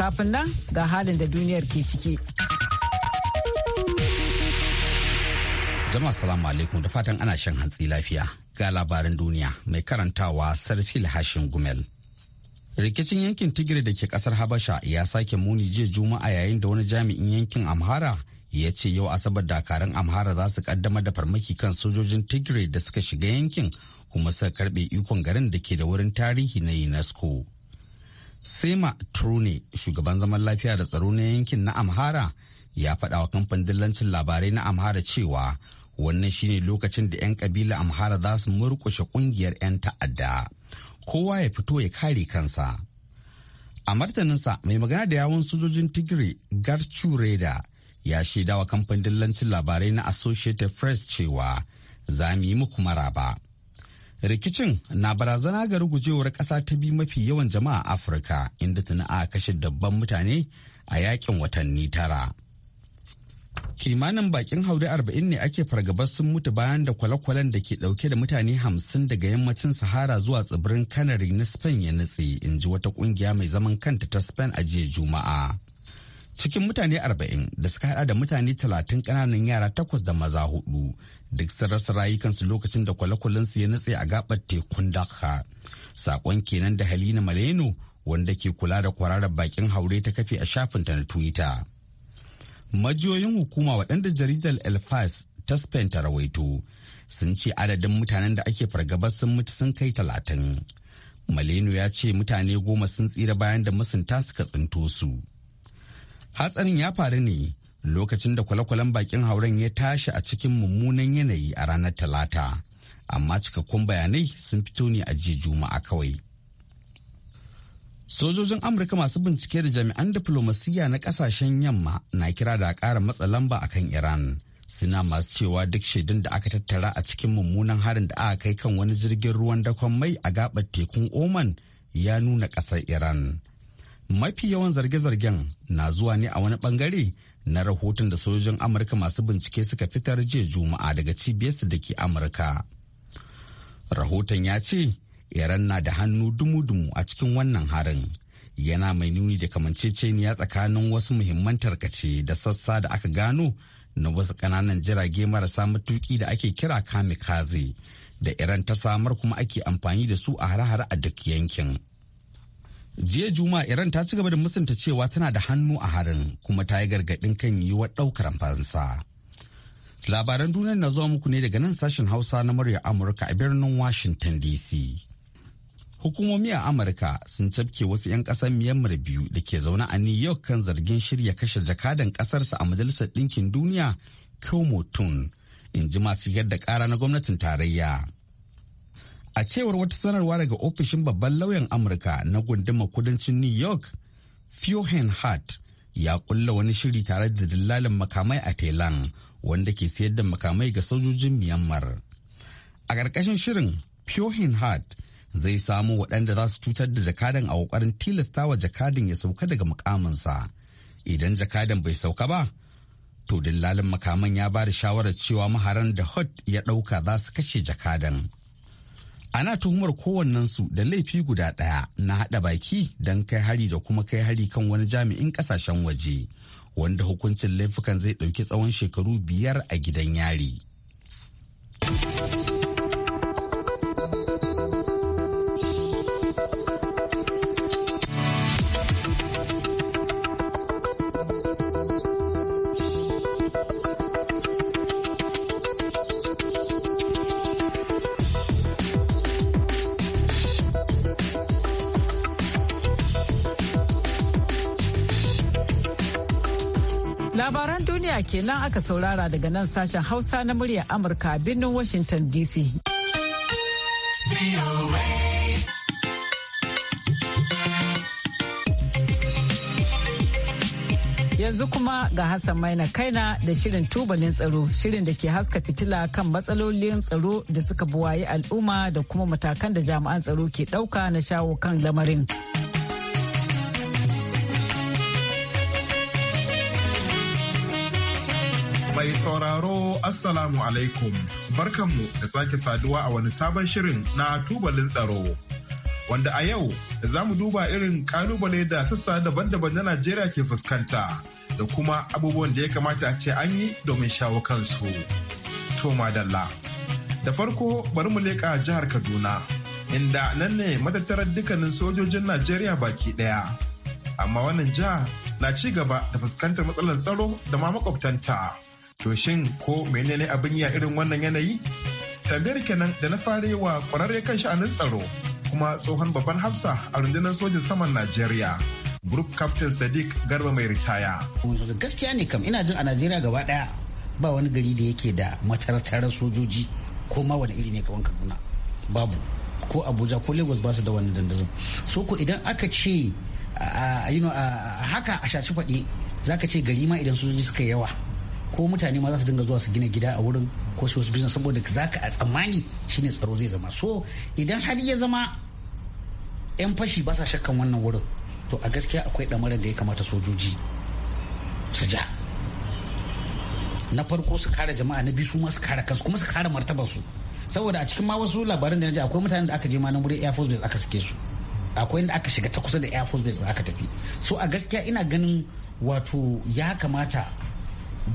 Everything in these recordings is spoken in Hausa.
Kafin nan ga halin da duniyar ke ciki. Jama'a salamu alaikum da fatan ana shan hantsi lafiya ga labarin duniya mai karantawa Sarfil Hashin Gumel. Rikicin yankin Tigiri da ke kasar Habasha ya sake muni jiya Juma'a yayin da wani jami'in yankin Amhara ya ce yau asabar dakarun Amhara za su kaddamar da farmaki kan sojojin Tigiri da suka shiga yankin kuma suka karbe ikon garin da ke da wurin tarihi na UNESCO. Sema Trune, shugaban zaman lafiya da tsaro na yankin na Amhara, ya faɗa wa kamfanin dillancin labarai na Amhara cewa wannan shine lokacin da 'yan kabila Amhara za su murƙushe ƙungiyar 'yan ta'adda. Kowa ya fito ya kare kansa. A martaninsa mai magana da yawon sojojin Tigray Garchu Reda ya shaidawa kamfanin dillancin labarai na Associated Press cewa za mu yi muku maraba. rikicin na barazana ga rugujewar ƙasa ta bi mafi yawan jama'a afirka inda tuni a kashe dabban mutane a yakin watanni tara kimanin bakin haure arba'in ne ake fargabar sun mutu bayan da kwale-kwalen da ke dauke da mutane hamsin daga yammacin sahara zuwa tsibirin kanari na spain ya nutse in ji wata kungiya mai zaman kanta ta spain a jiya juma'a cikin mutane arba'in da suka hada da mutane talatin kananan yara takwas da maza hudu duk sun rasa rayukansu lokacin da kwale su ya nutse a gabar tekun dakha Sakon kenan da Halina Maleno wanda ke kula da kwararar bakin haure ta kafe a shafin ta na Twitter. Majiyoyin hukuma waɗanda jaridar elfas ta Spain ta rawaito sun ce adadin mutanen da ake fargabar sun mutu sun kai talatin. Maleno ya ce mutane goma sun tsira bayan da masunta suka tsinto su. Hatsarin ya faru ne lokacin da kwale-kwalen bakin hauren ya tashi a cikin mummunan yanayi a ranar Talata, amma cikakkun bayanai sun fito ne a jiya Juma'a kawai. Sojojin Amurka masu bincike da jami'an diflomasiyya na kasashen yamma na kira da ƙara matsa lamba a kan Iran. Suna masu cewa duk shaidun da aka tattara a cikin mummunan harin da aka kai kan wani jirgin ruwan dakon mai a gabar tekun Oman ya nuna ƙasar Iran. mafi yawan zarge-zargen na zuwa ne a wani bangare na rahoton da sojojin amurka masu bincike suka fitar jiya juma'a daga cibiyarsu da ke amurka rahoton ya ce iran na da hannu dumu-dumu a cikin wannan harin yana mai nuni da kamanceceniya tsakanin wasu muhimman tarkace da sassa da aka gano na wasu ƙananan jirage marasa matuki da ake kira kamikaze da iran ta samar kuma ake amfani da su a hare-hare a duk yankin. jiya juma'a iran ta ci gaba da musanta cewa tana da hannu a harin kuma ta yi gargaɗin kan yiwuwar ɗaukar fansa labaran duniyar na zuwa muku ne daga nan sashen hausa na murya amurka a birnin washington dc hukumomi a amurka sun cafke wasu 'yan ƙasar myanmar biyu da ke zaune a new york kan zargin shirya kashe jakadan ƙasarsa a majalisar ɗinkin duniya kyau in ji masu yadda ƙara na gwamnatin tarayya A cewar wata sanarwa daga ofishin babban lauyan Amurka na gunduma kudancin New York, Fiohen Hart ya kulla wani shiri tare da dillalin makamai a Thailand wanda ke sayar da makamai ga sojojin Myanmar. A ƙarƙashin shirin, Fiohen Hart zai samu waɗanda za su cutar da jakadan a ƙoƙarin wa jakadan ya sauka daga mukaminsa. Idan jakadan bai sauka ba, to dillalin makaman ya ba da shawarar cewa maharan da Hot ya ɗauka za su kashe jakadan. ana tuhumar kowannensu da laifi guda ɗaya na haɗa baki don kai hari da kuma kai hari kan wani jami'in ƙasashen waje wanda hukuncin laifukan zai ɗauki tsawon shekaru biyar a gidan yari kenan aka saurara daga nan sashen Hausa na muryar Amurka birnin Washington DC. Yanzu kuma ga Hassan Maina Kaina da shirin tubalin tsaro, shirin da ke haska fitila kan matsalolin tsaro da suka buwaye al'umma da kuma matakan da jami'an tsaro ke ɗauka na shawo kan lamarin. Mai sauraro Assalamu alaikum barkanmu da sake saduwa a wani sabon shirin na tubalin tsaro. Wanda a yau za mu duba irin kalubale da sassa daban-daban na Najeriya ke fuskanta da kuma abubuwan da ya kamata a ce an yi domin shawo kansu. Toma Dalla. Da farko bari mu leƙa jihar Kaduna inda nan ne matattarar dukkanin sojojin Najeriya baki ɗaya. Amma wannan jiha na ci gaba da fuskantar matsalar tsaro da ma makwabtanta. To shin ko menene abin ya irin wannan yanayi? Tambayar kenan da na fare wa kwararre kan sha'anin tsaro kuma tsohon babban hafsa a rundunar sojin saman Najeriya. Group Captain Sadiq Garba mai ritaya. Gaskiya ne kam ina jin a Najeriya gaba daya ba wani gari da yake da mataratarar sojoji ko ma wani iri ne kawan Kaduna. Babu ko Abuja ko Lagos ba su da wani dandazon. So ko idan aka ce a haka a shaci faɗi zaka ce gari ma idan sojoji suka yawa ko mutane ma za su dinga zuwa su gina gida a wurin ko su wasu business saboda za ka a tsammani shine tsaro zai zama so idan har ya zama 'yan fashi ba sa shakkan wannan wurin to a gaskiya akwai ɗamarin da ya kamata sojoji su ja na farko su kare jama'a na biyu su ma su kare kansu kuma su kare martabarsu saboda a cikin ma wasu labaran da na ji akwai mutanen da aka je ma na wurin air force base aka sake su akwai inda aka shiga ta kusa da air force base aka tafi so a gaskiya ina ganin wato ya kamata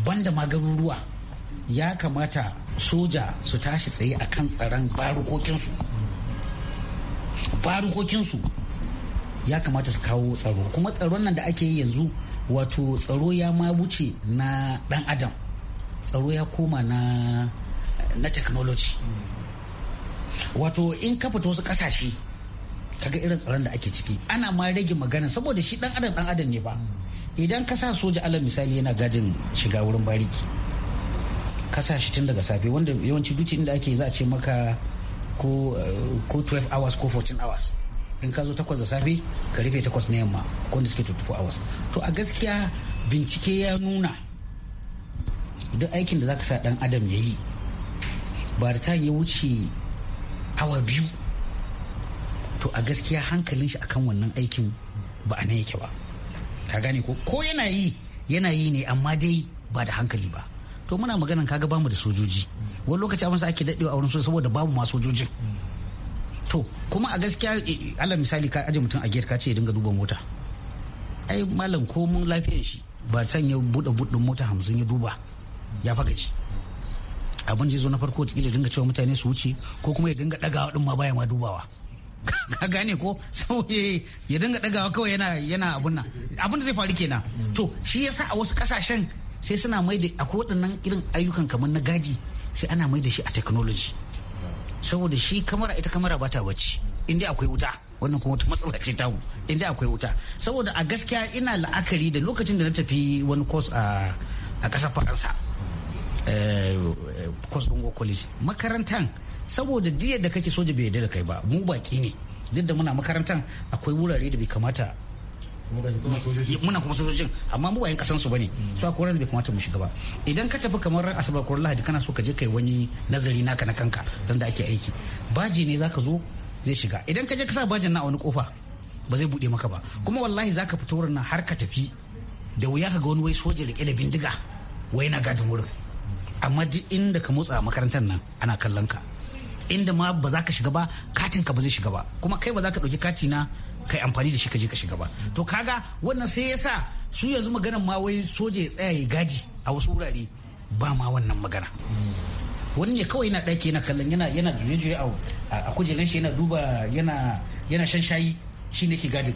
banda ma garuruwa ya kamata soja su tashi tsaye a kan tsaron barukokinsu barukokinsu ya kamata su kawo tsaro kuma tsaron nan da ake yi yanzu wato tsaro ya ma wuce na dan adam tsaro ya koma na na technology wato in ka fito wasu kasashe kaga irin tsaron da ake ciki ana ma rage magana saboda shi dan adam dan adam ne ba idan ka sa soja alal misali yana gadin shiga wurin bariki ka sa shi tun daga safe wanda yawanci duci inda ake za a ce maka ko 12 eh, hours ko 14 hours in ka zo takwas da safe ka rufe takwas na yamma ko wanda suke 24 hours to a gaskiya bincike ya nuna duk aikin da zaka sa dan adam ya yi ba da ta ya wuce awa biyu to a gaskiya hankalin shi akan wannan aikin ba a nan yake ba ka gane ko ko yana yi yana yi ne amma dai ba da hankali ba to muna magana kaga bamu da sojoji wani lokaci a masa ake daɗewa a wurin su saboda babu ma sojojin to kuma a gaskiya eh, eh, Allah misali ka aje mutum a gate ka ce ya dinga duba mota ai malam ko mun lafiyar shi ba san ya buɗe buɗin mota hamsin ya duba ya fagaci abin zai zo na farko ta dinga cewa mutane su wuce ko kuma ya dinga ɗagawa ɗin ma baya ma dubawa ka gane ko sauye eh, ya dinga dagawa kawai yana yana abun nan abun da zai faru kenan to shi yasa a wasu kasashen sai suna mai da akwai waɗannan irin ayyukan kamar na gaji sai ana mai da shi a technology saboda shi kamara ita kamara bata bacci inda akwai wuta wannan kuma wata matsala ce tamu inda akwai wuta saboda a gaskiya ina la'akari da lokacin da na tafi wani course a a ƙasar faransa eh, course ɗin college makarantan saboda jiya da kake soja bai yarda da kai ba mu baki ne duk da muna makarantar akwai wurare da bai kamata muna kuma sojojin amma mu bayan kasan su bane hmm. su akwai da bai kamata mu shiga ba idan ka tafi kamar asabar ko lahadi kana so ka je kai wani nazari naka na kanka don da ake aiki baji ne zaka zo zai shiga idan ka je ka sa bajin na a wani kofa ba zai bude maka ba kuma wallahi zaka fito wurin har ka tafi da wuya ka ga wani wai soja rike da bindiga wai na gadin wurin amma duk inda ka motsa makarantar nan ana kallon ka inda ma ba za ka shiga ba katin ka ba zai shiga ba kuma kai ba za ka ɗauki kati na kai amfani da shi ka je ka shiga ba to kaga wannan sai yasa su yanzu maganan ma wai soja ya tsaya ya gaji a wasu wurare ba ma wannan magana wani ne kawai yana ɗaki yana kallon yana yana juye-juye a kujerar shi yana duba yana yana shan shayi shi ne ke gadin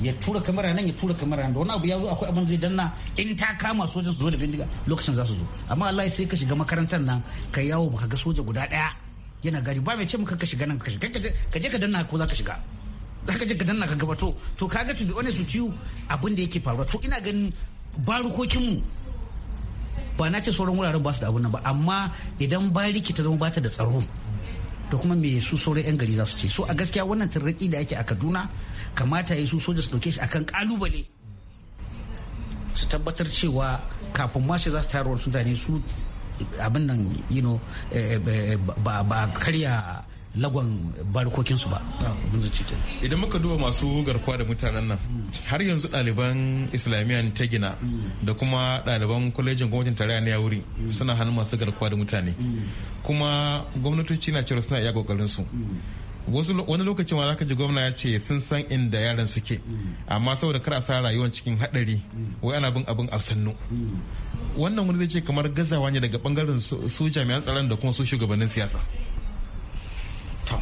ya tura kamera nan ya tura kamera nan da wani abu ya zo akwai abin zai danna in ta kama sojan su zo da bindiga lokacin za su zo amma Allah sai ka shiga makarantar nan ka yawo ka ga soja guda daya yana gari ba mai ce muka ka shiga nan ka shiga ka je ka danna ko za ka shiga za ka je ka danna ka gaba to to kaga to be honest with you abin da yake faruwa to ina ganin mu ba na ce sauran wuraren ba su da abun nan ba amma idan bariki ta zama bata da tsaro to kuma me su sauran yan gari za su ce so a gaskiya wannan tarraki da ake a Kaduna kamata ya su soja su dauke shi akan kalubale su tabbatar cewa kafin ma shi za su tayar wasu mutane su abin nan you know eh, eh, ba karya lagon barkokinsu ba ah, idan muka duba masu garkuwa da mutanen nan har yanzu ɗaliban islamiyya ta gina da kuma ɗaliban kwalejin gwamnatin tarayya na yawuri suna hannun masu garkuwa da mutane kuma gwamnatoci na cewa suna iya kokarin su wasu wani lokacin ma zaka ji gwamna ya ce sun san inda yaran suke amma saboda kar a sa rayuwar cikin hadari wai ana bin abin afsannu wannan wani zai ce kamar gazawa ne daga bangaren su jami'an tsaron da kuma su shugabannin siyasa to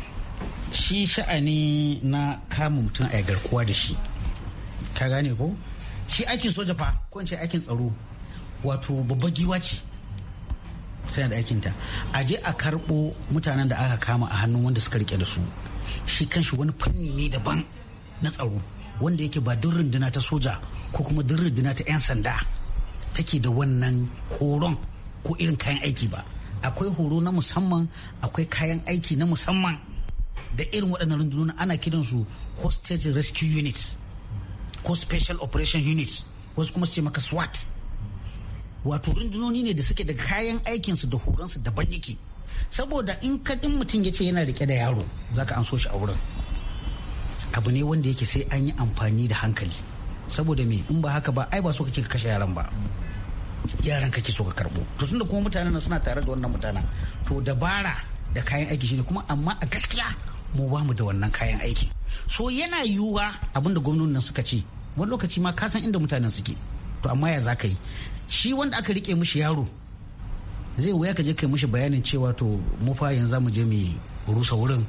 shi sha'ani na kama mutum a garkuwa da shi ka gane ko shi aikin soja fa ko in ce aikin tsaro wato babba giwa ce sai da aikinta a je a karbo mutanen da aka kama a hannun wanda suka rike da su shi kanshi wani fanni ne daban na tsaro wanda yake ba duk runduna ta soja ko kuma duk runduna ta 'yan sanda take da wannan horon ko irin kayan aiki ba akwai horo na musamman akwai kayan aiki na musamman da irin waɗannan rundunonin ana su hostage rescue units ko special operation units wasu kuma su ce maka swat wato rundunoni ne da suke da kayan aikinsu da horonsu daban yake saboda in kaɗin mutum ya ce yana rike da yaro za ka an so shi a wurin abu ne wanda yake sai an yi amfani da hankali saboda me in ba haka ba ai ba so kake kashe yaran ba yaran ka ke so ka karbo to tunda kuma mutanen suna tare da wannan mutanen to dabara da kayan aiki shine kuma amma a gaskiya mu ba mu da wannan kayan aiki so yana yiwuwa abinda nan suka ce wani lokaci ma ka san inda mutanen suke to amma ya za ka yi shi wanda aka rike mishi yaro zai wuya ka je kai mishi bayanin cewa to mu fa yanzu mu je mu rusa wurin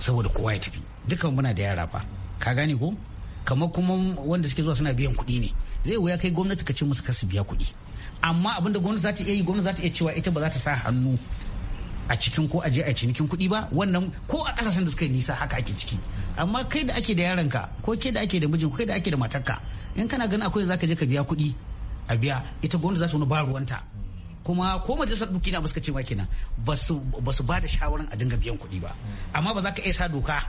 saboda kowa ya tafi dukan muna da yara fa ka gane ko kamar kuma wanda suke zuwa suna biyan kuɗi ne zai wuya kai gwamnati ka ce musu kasu biya kuɗi amma abinda gwamnati za ta iya yi gwamnati za ta iya cewa ita ba za ta sa hannu a cikin ko aje a cinikin kuɗi ba wannan ko a ƙasashen da suka nisa haka ake ciki amma kai da ake da ka ko kai da ake da mijin kai da ake da matarka in kana ganin akwai za ka je ka biya kuɗi a biya ita gwamnati za ta wani ba ruwanta kuma ko majalisar duki na suka ce ma kenan ba su ba da shawaran a dinga biyan kuɗi ba amma ba za ka iya sa doka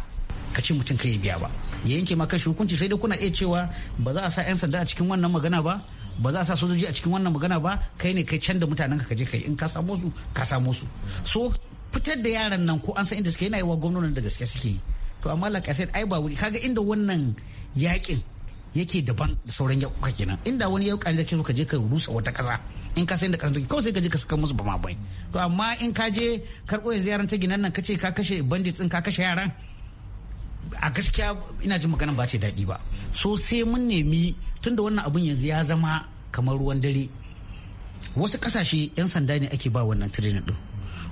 ka ce mutum kai biya ba ya yanke maka shi hukunci sai dai kuna iya cewa ba za a sa 'yan sanda a cikin wannan magana ba ba za a sa sojoji a cikin wannan magana ba kai ne kai can da mutanen ka je kai in ka samu su ka samu su so fitar da yaran nan ko an san inda suke yana yi wa gwamnonin da gaske suke yi to amma la kasai ai ba wuri kaga inda wannan yakin yake daban da sauran yakuka kenan inda wani yau kan da ke ka je ka rusa wata kasa in ka san da kasar kawai sai ka je ka saka musu ma bai to amma in ka je karɓo yanzu yaran ta ginan nan ka ce ka kashe bandit din ka kashe yaran a gaskiya ina jin maganan ba ce daɗi ba so sai mun nemi tunda wannan abun yanzu ya zama kamar ruwan dare wasu kasashe 'yan sanda ne ake ba wannan training din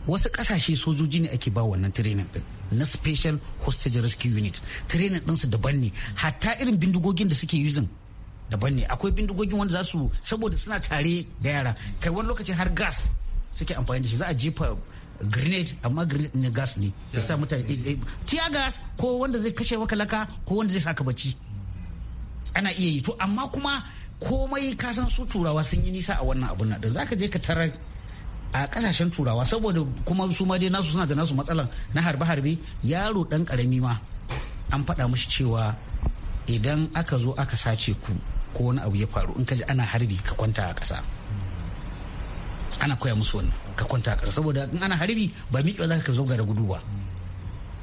wasu kasashe sojoji ne ake ba wannan training din na special hostage rescue unit training ɗinsu daban ne hatta irin bindigogin da suke using daban ne akwai bindigogin wanda za su saboda suna tare da yara kai wani lokacin har gas suke amfani da shi za a jefa grenade amma grenade ne gas ne ya sa mutane eh, eh, tear gas ko wanda zai kashe maka laka ko wanda zai saka bacci ana iya yi to amma kuma komai ka san su turawa sun yi nisa a wannan abun da zaka je ka tara a kasashen turawa saboda kuma su ma dai nasu suna da nasu matsalan na harbe harbe yaro dan karami ma an faɗa mushi cewa idan aka zo aka sace ku ko wani abu ya faru in ka ji ana harbi ka kwanta a kasa ana koya musu wannan ka kwanta ka saboda in ana harbi ba miƙewa za ka zo ga gudu ba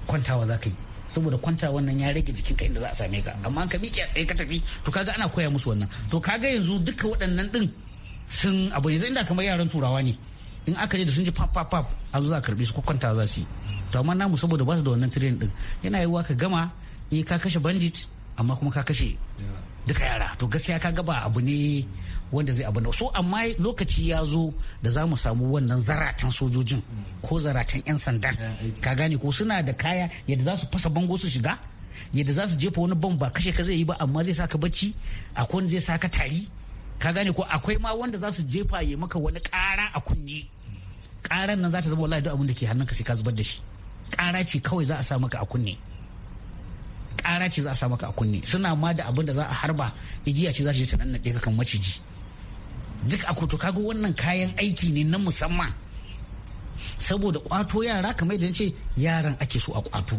kwantawa za ka yi saboda kwanta wannan ya rage jikin ka inda za a same ka amma ka miƙe a tsaye ka tafi to kaga ana koya musu wannan to kaga yanzu duka waɗannan din sun abu yanzu inda kamar yaran turawa ne in aka je da sun ji pap pap pap an zo za a karbi su ko kwanta za su yi to amma namu saboda ba su da wannan tirin din yana yiwuwa ka gama eh, ka kashe bandit amma kuma ka kashe duka yara to gaskiya ka gaba abu ne wanda zai abu so amma lokaci ya zo da za mu samu wannan zaratan sojojin ko zaratan 'yan sandan ka gane ko suna da kaya yadda za su fasa bango su shiga yadda za su jefa wani ban ba kashe ka zai yi ba amma zai saka bacci akwai wani zai saka tari ka gane ko akwai ma wanda za su jefa ya maka wani kara a kunne karan nan za ta zama wallahi duk abin da ke hannunka sai ka zubar da shi kara ce kawai za a sa maka a kunne ƙara ce za a sa maka a kunne suna ma da abin da za a harba igiya ce za ta je ta na ɗaya kan maciji duk a kotu kaga wannan kayan aiki ne na musamman saboda kwato yara kamar yadda ce yaran ake so a kwato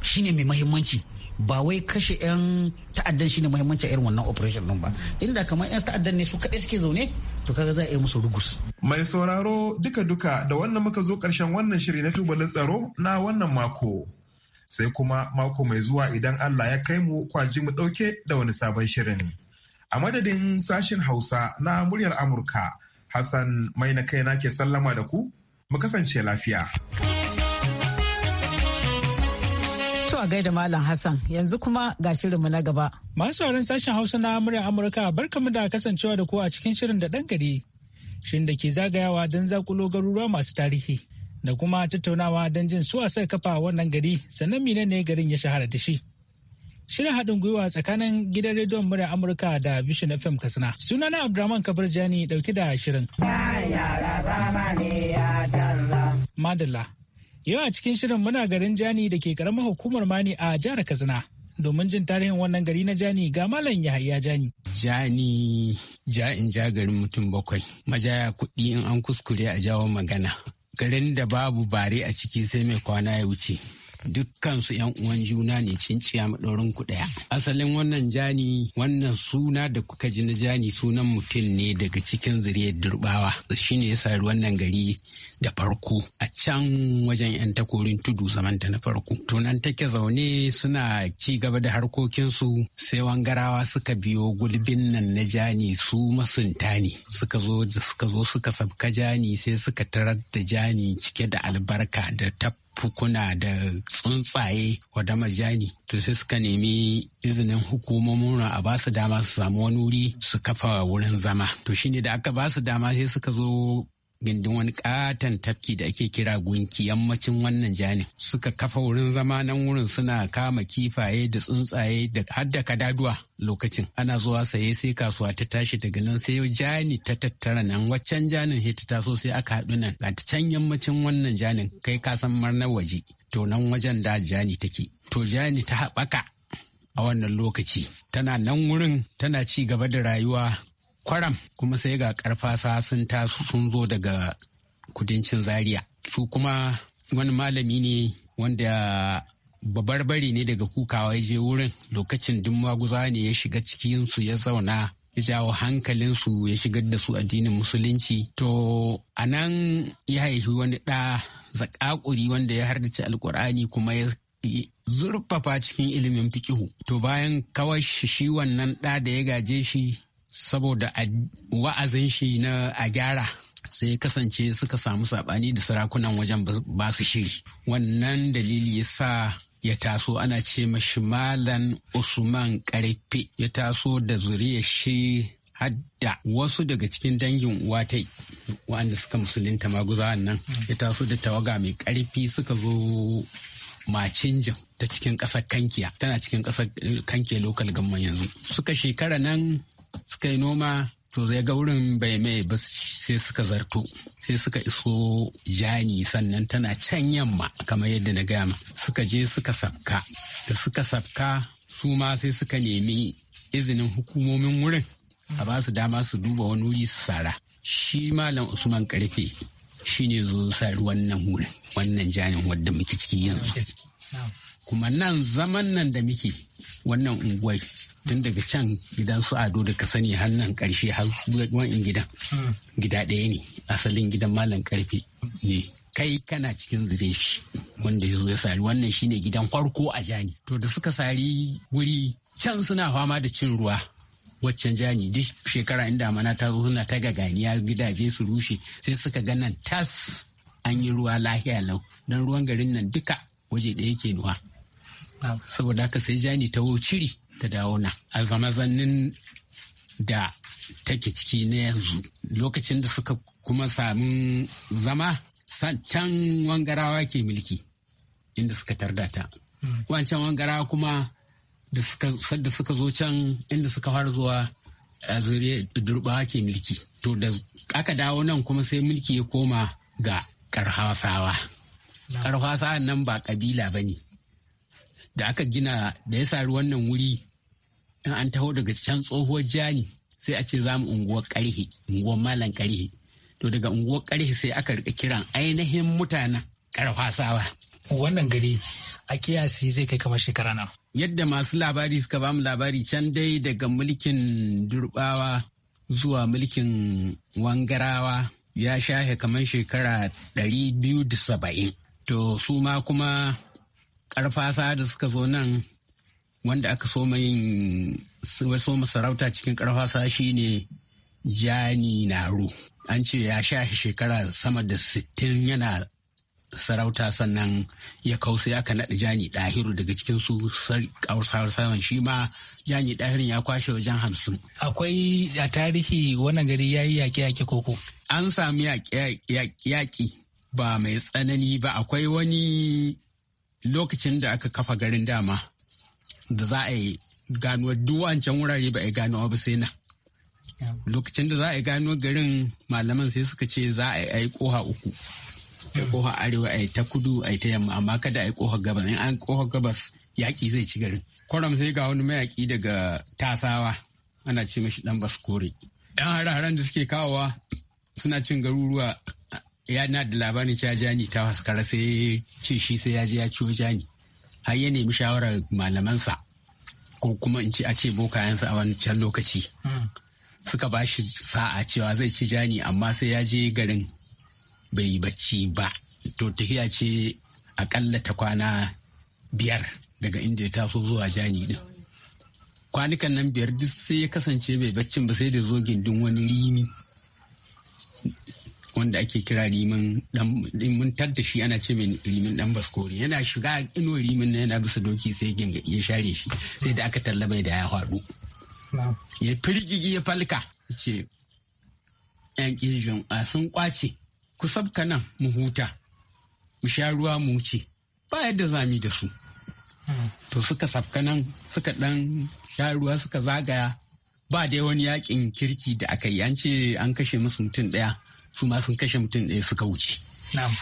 shine mai mahimmanci ba wai kashe 'yan ta'addan shine mahimmanci irin wannan operation din ba inda kamar 'yan ta'addan ne su kaɗai suke zaune to kaga za a yi musu rugus mai sauraro duka duka da wannan muka zo karshen wannan shiri na tubalin tsaro na wannan mako sai kuma mako mai zuwa idan Allah ya kai mu kwaji mu ɗauke da wani sabon shirin. A madadin sashen Hausa na muryar Amurka, Hassan mai na kaina ke sallama da ku, mu kasance lafiya. To a gaida Malam Hassan yanzu kuma ga shirinmu na gaba. Masu sauran sashen Hausa na muryar Amurka barkamu da kasancewa da ku a cikin shirin da ɗan gari. Shirin da ke zagayawa don zakulo garuruwa masu tarihi. da kuma tattaunawa don jin suwa suka kafa wannan gari sannan ne garin ya shahara da shi. Shirin haɗin gwiwa tsakanin gidan rediyon murya Amurka da Vision FM Katsina. na Abdurrahman Kabir Jani ɗauki da shirin. Madalla. Yau a cikin shirin muna garin Jani da ke ƙaramin hukumar Mani a jihar Katsina. Domin jin tarihin wannan gari na Jani ga Malam Yahaya Jani. Jani ja in ja garin mutum bakwai. Majaya kuɗi in an kuskure a jawo magana. garin da babu bare a ciki sai mai kwana ya wuce dukkansu yan uwan juna ne cinciya maɗorin ku ɗaya asalin wannan jani wannan suna da kuka ji na jani sunan mutum ne daga cikin zuriyar durbawa ne ya sari wannan gari da farko a can wajen yan takorin tudu zamanta na farko tunan take zaune suna ci gaba da harkokinsu sai wangarawa suka biyo gulbin nan na jani su masunta ne suka zo suka zo suka sabka jani sai suka tarar da jani cike da albarka da tab fukuna da tsuntsaye wada marjani to sai suka nemi izinin hukumomin a ba su dama su samu wani wuri su kafa wurin zama to shine da aka ba su dama sai suka zo gindin wani katon tafki da ake kira gunki yammacin wannan janin suka kafa wurin zama nan wurin suna kama kifaye da tsuntsaye da har da kadaduwa lokacin ana zuwa saye sai kasuwa ta tashi daga nan sai jani ta tattara nan waccan janin sai ta taso sai aka haɗu nan ga ta can yammacin wannan janin kai ka san marnar waje to nan wajen da jani take to jani ta haɓaka a wannan lokaci tana nan wurin tana ci gaba da rayuwa kwaram kuma sai ga karfasa sun tasu sun zo daga kudincin zaria su kuma wani malami ne wanda bari ne daga kukawa ya je wurin lokacin duk maguza ne ya shiga cikinsu ya zauna ya jawo hankalinsu ya shigar da su addinin musulunci to a nan ya haifi wani ɗa zakakuri wanda ya hardace alkur'ani kuma ya zurfafa cikin ilimin fikihu to bayan kawai shi wannan ɗa da ya gaje shi saboda wa'azin shi na a gyara sai kasance suka samu saɓani da sarakunan wajen ba su shiri wannan dalili ya sa ya taso ana ce mashi malan usman karfe ya taso da zuriya shi hadda wasu daga cikin dangin watai waɗanda suka musulunta maguza nan ya taso da tawaga mai karfi suka zo macinjin ta cikin ƙasar kankiya tana cikin ƙasar eh, kankiya lokal gamman yanzu suka shekara nan suka yi noma to zai ga wurin bai mai ba sai suka zarto sai suka iso jani sannan tana can yamma kamar yadda na gama suka je suka sabka da suka sabka su ma sai suka nemi izinin hukumomin wurin a ba su dama su duba wani wuri su sara shi malam usman karfe shi ne zo sari wannan wurin wannan janin wadda muke ciki yanzu kuma nan zaman nan da muke wannan unguwar tun daga can gidan su ado da ka sani hannun karshe har wa'in gidan hmm. gida ɗaya ne asalin gidan malam karfe ne kai kana cikin zire shi wanda ya zo ya sari wannan ne gidan farko a jani to da suka sari wuri can suna fama da cin ruwa waccan jani duk shekara inda mana ta zo suna ta gaganiya gidaje su rushe sai suka ga nan tas an yi ruwa lahiya lau don ruwan garin nan duka waje ɗaya ke nuwa saboda haka sai jani ta ciri ta dawo nan a zama zama-zannin da take ciki na yanzu lokacin da suka kuma samu zama can wangarawa ke mulki inda suka tardata hmm. wancan wangarawa kuma da suka zo can inda suka fara zuwa a zuri durbawa ke mulki to da aka dawo nan kuma sai mulki ya koma ga karhasawa hmm. karhasawa nan ba kabila ba ne da aka gina da ya sari wannan wuri in an taho daga can tsohuwar jani sai a ce zamu unguwar karhe unguwar malam karhe to daga unguwar karhe sai aka rika kiran ainihin mutanen karfasawa wannan gari a kiyasi zai kai kamar shekara na yadda masu labari suka bamu labari can dai daga mulkin durbawa zuwa mulkin wangarawa ya shahe kamar shekara 270 to su ma kuma karfasa da suka zo nan wanda aka soma yin soma sarauta cikin karfasa shine jani naro an ce ya sha shekara sama da sittin yana sarauta sannan ya kausa aka naɗa jani ɗahiru daga cikin su saman shi ma jani ɗahirin ya kwashe wajen hamsin. Akwai a tarihi wannan gari ya yi yaƙe-yaƙe koko? An sami yaƙi ba mai tsanani ba akwai wani lokacin da aka kafa garin dama da za a yi gano duk wancan wurare ba a yi gano ba sai na. Lokacin da za a yi gano garin malaman sai suka ce za a yi koha uku. A koha arewa a yi ta kudu a yi ta yamma amma kada a yi koha gabas. In an koha gabas yaƙi zai ci garin. Kwaram sai ga wani mayaƙi daga tasawa ana ce mashi ɗan baskore. Yan hare-haren da suke kawowa suna cin garuruwa ya na da labarin cewa jani ta haskara sai ce shi sai ya je ya ciwo jani har ya nemi shawarar malamansa ko kuma in ci a ce bokayensa a wancan lokaci suka ba shi sa'a cewa zai ci jani amma sai ya je garin bai bacci ba to tafiya ce akalla ta kwana biyar daga inda ya taso zuwa jani din kwanukan nan biyar duk sai ya kasance bai baccin ba sai da zo gindin wani rimi wanda ake kira rimin dan rimin tadda shi ana ce min rimin dan baskore yana shiga ino rimin na yana bisa doki sai ginga ya share shi sai da aka tallabai da ya faɗo ya firgigi ya falka ce yan kirjin a sun kwace ku sabka nan mu huta mu sha ruwa mu wuce ba yadda zami da su to suka sabka nan suka dan sha ruwa suka zagaya ba dai wani yakin kirki da aka yi an ce an kashe musu mutum daya su ma sun kashe mutum ɗaya suka wuce. Na'am,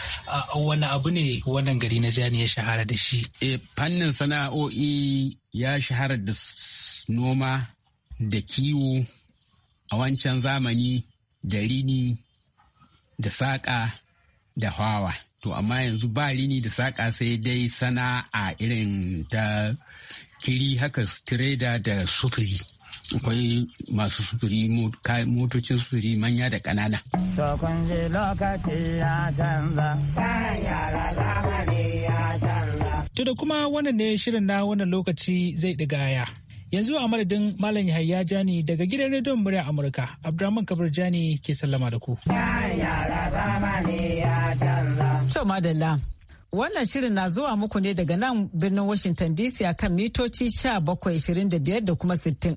wani abu ne wannan gari na Jani ya shahara da shi? E, fannin sana'o'i ya shahara da noma da kiwo a wancan zamani da rini da saƙa da hawa. To, amma yanzu ba rini da saƙa sai dai sana'a irin ta kiri haka streda da sufuri. akwai masu sufuri motocin sufuri manya da ƙanana. To da kuma wannan ne shirin na wannan lokaci zai ya. Yanzu a madadin Malam Yahaya Jani daga gidan rediyon murya Amurka, Abdulrahman Kabir Jani ke sallama da ku. Yara To madalla. Wannan shirin na zuwa muku ne daga nan birnin Washington DC a kan mitoci 1725 da kuma 60.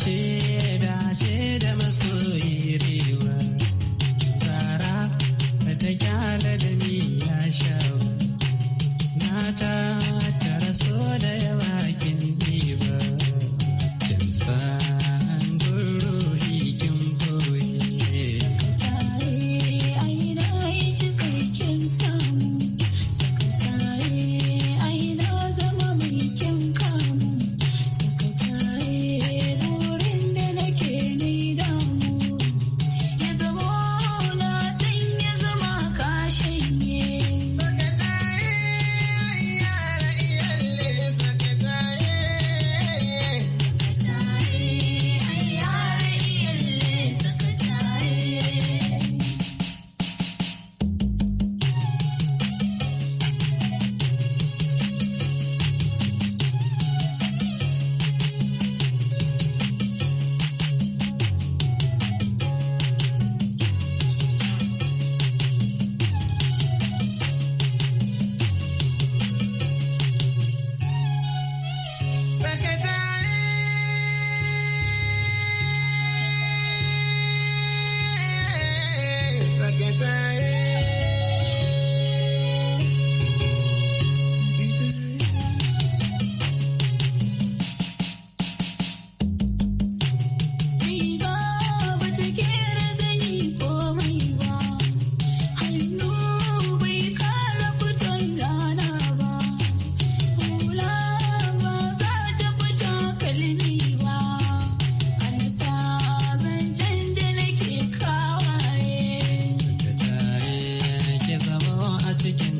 ce cikin